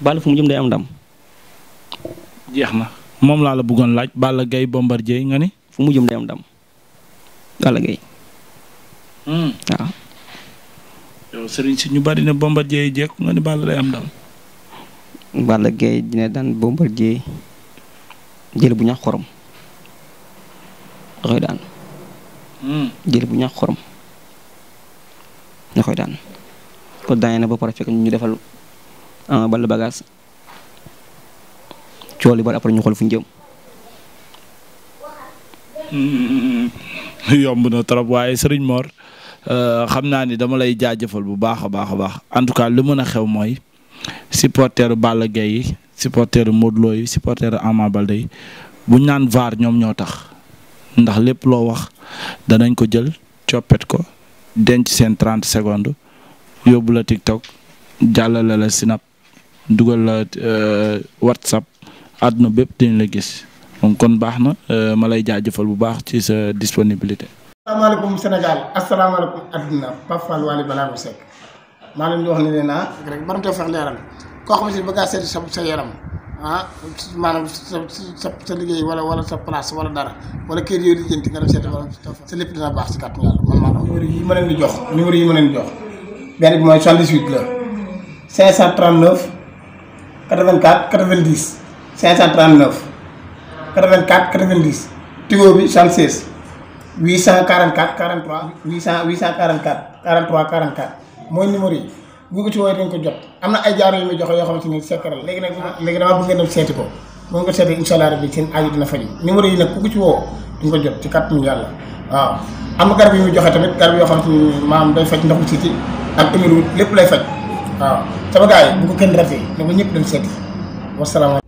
bala fu mu jëm day am ndam. jeex na moom laa la buggoon laaj gay bombar Bombardier nga ni. fu mu jëm day am ndam Balla Gaye. Hmm. bari ne Bombardier Balla day am ndam. Balla Gaye dina daan Bombardier jël bu ñax xorom da koy daan. Hmm. jël bu ñax xorom da koy daan. kon daañu na ba pare fekk ñu defal ah bal bagage cool yi bari après ñu xool fu ñu jëm. Mm-hmm. yomb na trop waaye Serigne Mor euh, xam naa ni dama lay jaajëfal bu baax a baax a baax en tout cas lu mën a xew mooy supporteru Balla Gaye yi supporteru Modou Lo yi supporteru Ama Baldé yi buñ naan vaar ñoom ñoo tax ndax lépp loo wax danañ ko jël coppet ko denc seen 30 secondes yóbbu la TikTok jàllale la Snap dugal la euh, WhatsApp àdduna bépp dañ la gis donc kon baax na euh, ma lay jaajëfal bu baax ci sa disponibilité. asalaamaaleykum Sénégal asalaamaaleykum adduna Pape Fall Waly Ballago Seck wax ne leen ah rek mën na fex leeral koo xam si bëgg a seeti sa yaram ah maanaam sa sa sa liggéey wala wala sa place wala dara wala kër yooyu di jënti nga dem seeti sa lépp dina baax si kàttan yàlla man maa numéro 84 90 539 84 90 Tigo bi 76 844 43 800 844 43 44 mooy numéro yi bu ko ci woowee dañ ko jot am na ay jaaro yu muy joxe yoo xamante ni secret léegi nag léegi damaa bëgg ngeen seeti ko moom nga seeti incha allah rabbi seen aaju dina faju numéro yi nag ku ko ci woo duñ ko jot ci kàttanu yàlla waaw am na garab yu muy joxe tamit garab yoo xamante ni maam day faj ndoxu siiti ak émiru lépp lay faj waaw sama gars yi bu ko kenn ratee na ko ñëpp dem seeti wasalaamaaleykum